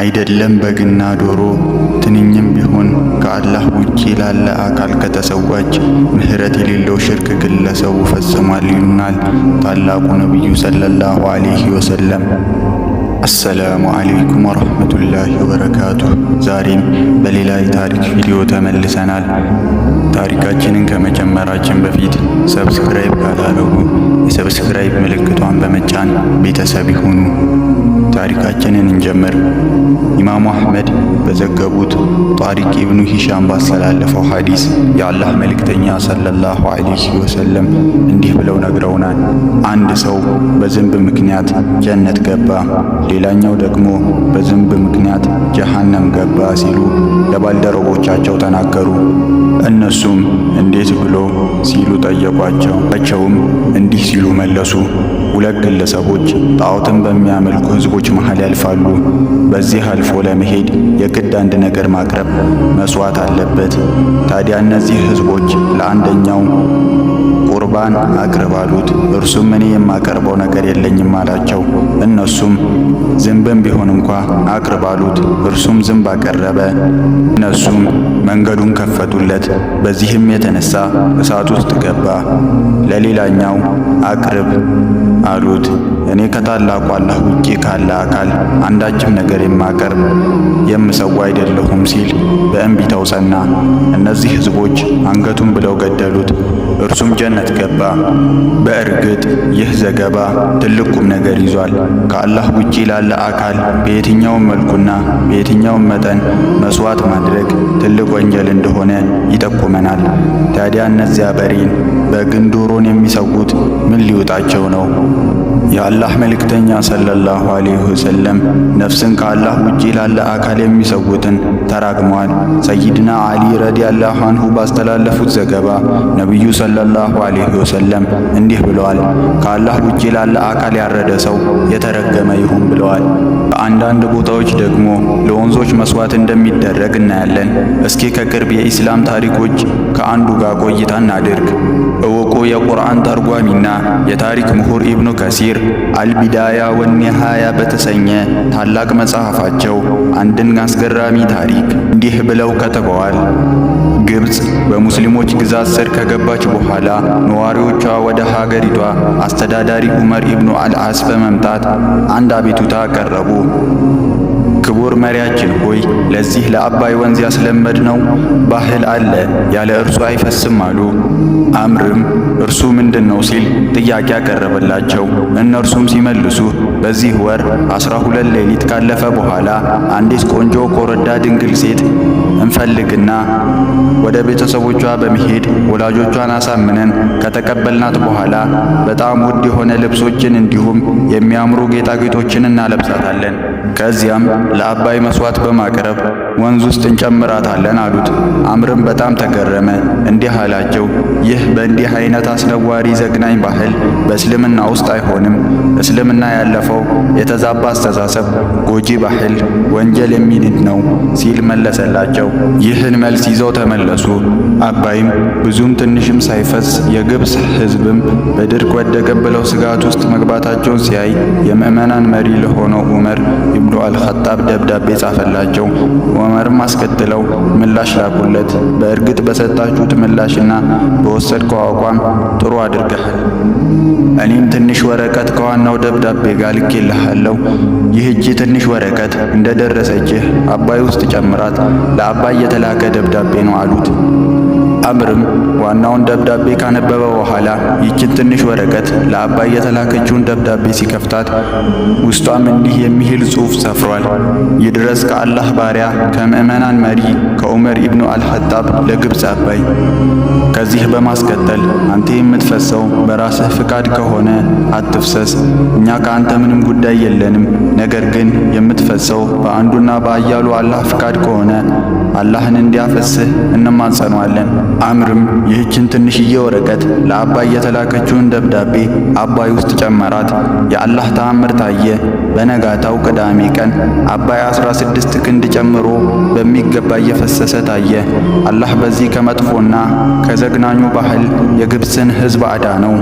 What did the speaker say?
አይደለም በግና ዶሮ ትንኝም ቢሆን ከአላህ ውጪ ላለ አካል ከተሰዋች ምህረት የሌለው ሽርክ ግለሰቡ ፈጽሟል ይሉናል ታላቁ ነቢዩ ሰለላሁ ዐለይሂ ወሰለም። አሰላሙ አለይኩም ወረሕመቱላሂ ወበረካቱ። ዛሬም በሌላ የታሪክ ቪዲዮ ተመልሰናል። ታሪካችንን ከመጀመራችን በፊት ሰብስክራይብ ካላረጉ የሰብስክራይብ ምልክቷን በመጫን ቤተሰብ ይሁኑ። ታሪካችንን እንጀምር። ኢማሙ አህመድ በዘገቡት ጣሪቅ ኢብኑ ሂሻም ባስተላለፈው ሐዲስ የአላህ መልእክተኛ ሰለላሁ ዐለይሂ ወሰለም እንዲህ ብለው ነግረውናል። አንድ ሰው በዝንብ ምክንያት ጀነት ገባ፣ ሌላኛው ደግሞ በዝንብ ምክንያት ጀሃነም ገባ ሲሉ ለባልደረቦቻቸው ተናገሩ። እነሱም እንዴት ብሎ ሲሉ ጠየቋቸው። እቸውም እንዲህ ሲሉ መለሱ። ሁለት ግለሰቦች ጣዖትን በሚያመልኩ ህዝቦች ሰዎች መሃል ያልፋሉ። በዚህ አልፎ ለመሄድ የግድ አንድ ነገር ማቅረብ መስዋዕት አለበት። ታዲያ እነዚህ ህዝቦች ለአንደኛው ቁርባን አቅርብ አሉት። እርሱም እኔ የማቀርበው ነገር የለኝም አላቸው። እነሱም ዝንብም ቢሆን እንኳ አቅርብ አሉት። እርሱም ዝንብ አቀረበ። እነሱም መንገዱን ከፈቱለት። በዚህም የተነሳ እሳት ውስጥ ገባ። ለሌላኛው አቅርብ አሉት። እኔ ከታላቁ አላህ ውጪ ካለ አካል አንዳችም ነገር የማቀርብ የምሰዋ አይደለሁም ሲል በእንቢታው ጸና። እነዚህ ሕዝቦች አንገቱን ብለው ገደሉት። እርሱም ጀነት ገባ። በእርግጥ ይህ ዘገባ ትልቅ ቁም ነገር ይዟል። ከአላህ ውጪ ላለ አካል በየትኛውም መልኩና በየትኛውም መጠን መስዋዕት ማድረግ ትልቅ ወንጀል እንደሆነ ይጠቁመናል። ታዲያ እነዚያ በሬን በግን ዶሮን የሚሰዉት ምን ሊውጣቸው ነው? የአላህ መልእክተኛ ሰለላሁ ዐለይሂ ወሰለም ነፍስን ከአላህ ውጪ ላለ አካል የሚሰውትን ተራግመዋል። ሰይድና አሊ ረዲያላሁ አንሁ ባስተላለፉት ዘገባ ነቢዩ ሰለላሁ ዐለይሂ ወሰለም እንዲህ ብለዋል፣ ከአላህ ውጪ ላለ አካል ያረደ ሰው የተረገመ ይሁን ብለዋል። በአንዳንድ ቦታዎች ደግሞ ለወንዞች መስዋዕት እንደሚደረግ እናያለን። እስኪ ከቅርብ የኢስላም ታሪኮች ከአንዱ ጋር ቆይታ እናድርግ። እውቁ የቁርአን ተርጓሚና የታሪክ ምሁር ኢብኑ ከሲር ከሲር አልቢዳያ ወኒሃያ በተሰኘ ታላቅ መጽሐፋቸው አንድን አስገራሚ ታሪክ እንዲህ ብለው ከትበዋል ግብጽ በሙስሊሞች ግዛት ስር ከገባች በኋላ ነዋሪዎቿ ወደ ሀገሪቷ አስተዳዳሪ ዑመር ኢብኑ አልዓስ በመምጣት አንድ አቤቱታ ቀረቡ። ክቡር መሪያችን ሆይ ለዚህ ለአባይ ወንዝ ያስለመድ ነው። ባህል አለ፣ ያለ እርሱ አይፈስም አሉ። አምርም እርሱ ምንድን ነው ሲል ጥያቄ ያቀረበላቸው፣ እነርሱም ሲመልሱ በዚህ ወር አስራ ሁለት ሌሊት ካለፈ በኋላ አንዲት ቆንጆ ኮረዳ ድንግል ሴት እንፈልግና ወደ ቤተሰቦቿ በመሄድ ወላጆቿን አሳምነን ከተቀበልናት በኋላ በጣም ውድ የሆነ ልብሶችን እንዲሁም የሚያምሩ ጌጣጌጦችን እናለብሳታለን። ከዚያም ለአባይ መስዋዕት በማቅረብ ወንዝ ውስጥ እንጨምራታለን አሉት። አምርም በጣም ተገረመ። እንዲህ አላቸው፣ ይህ በእንዲህ አይነት አስነዋሪ ዘግናኝ ባህል በእስልምና ውስጥ አይሆንም። እስልምና ያለፈው የተዛባ አስተሳሰብ፣ ጎጂ ባህል፣ ወንጀል የሚንድ ነው ሲል መለሰላቸው። ይህን መልስ ይዘው ተመለሱ። አባይም ብዙም ትንሽም ሳይፈስ የግብፅ ህዝብም በድርቅ ወደቀ ብለው ስጋት ውስጥ መግባታቸውን ሲያይ የምዕመናን መሪ ለሆነው ዑመር ኢብኑ አልኸጣብ ደብዳቤ ጻፈላቸው። ወመርም አስከትለው ምላሽ ላኩለት። በእርግጥ በሰጣችሁት ምላሽና በወሰድከው አቋም ጥሩ አድርገሃል። እኔም ትንሽ ወረቀት ከዋናው ደብዳቤ ጋር ልኬልሃለሁ። ይህቺ ትንሽ ወረቀት እንደደረሰችህ አባይ ውስጥ ጨምራት። ለአባይ የተላከ ደብዳቤ ነው አሉት። አምርም ዋናውን ደብዳቤ ካነበበ በኋላ ይችን ትንሽ ወረቀት ለአባይ የተላከችውን ደብዳቤ ሲከፍታት ውስጧም እንዲህ የሚል ጽሑፍ ሰፍሯል። ይድረስ ከአላህ ባሪያ ከምእመናን መሪ ከዑመር ኢብኑ አልሐጣብ ለግብፅ አባይ። ከዚህ በማስከተል አንተ የምትፈሰው በራስህ ፍቃድ ከሆነ አትፍሰስ፣ እኛ ከአንተ ምንም ጉዳይ የለንም። ነገር ግን የምትፈሰው በአንዱና በአያሉ አላህ ፍቃድ ከሆነ አላህን እንዲያፈስህ እንማጸኗለን። አምርም ይህችን ትንሽዬ ወረቀት ለአባይ የተላከችውን ደብዳቤ አባይ ውስጥ ጨመራት። የአላህ ተአምር ታየ። በነጋታው ቅዳሜ ቀን አባይ 16 ክንድ ጨምሮ በሚገባ እየፈሰሰ ታየ። አላህ በዚህ ከመጥፎና ከዘግናኙ ባህል የግብፅን ሕዝብ አዳነው።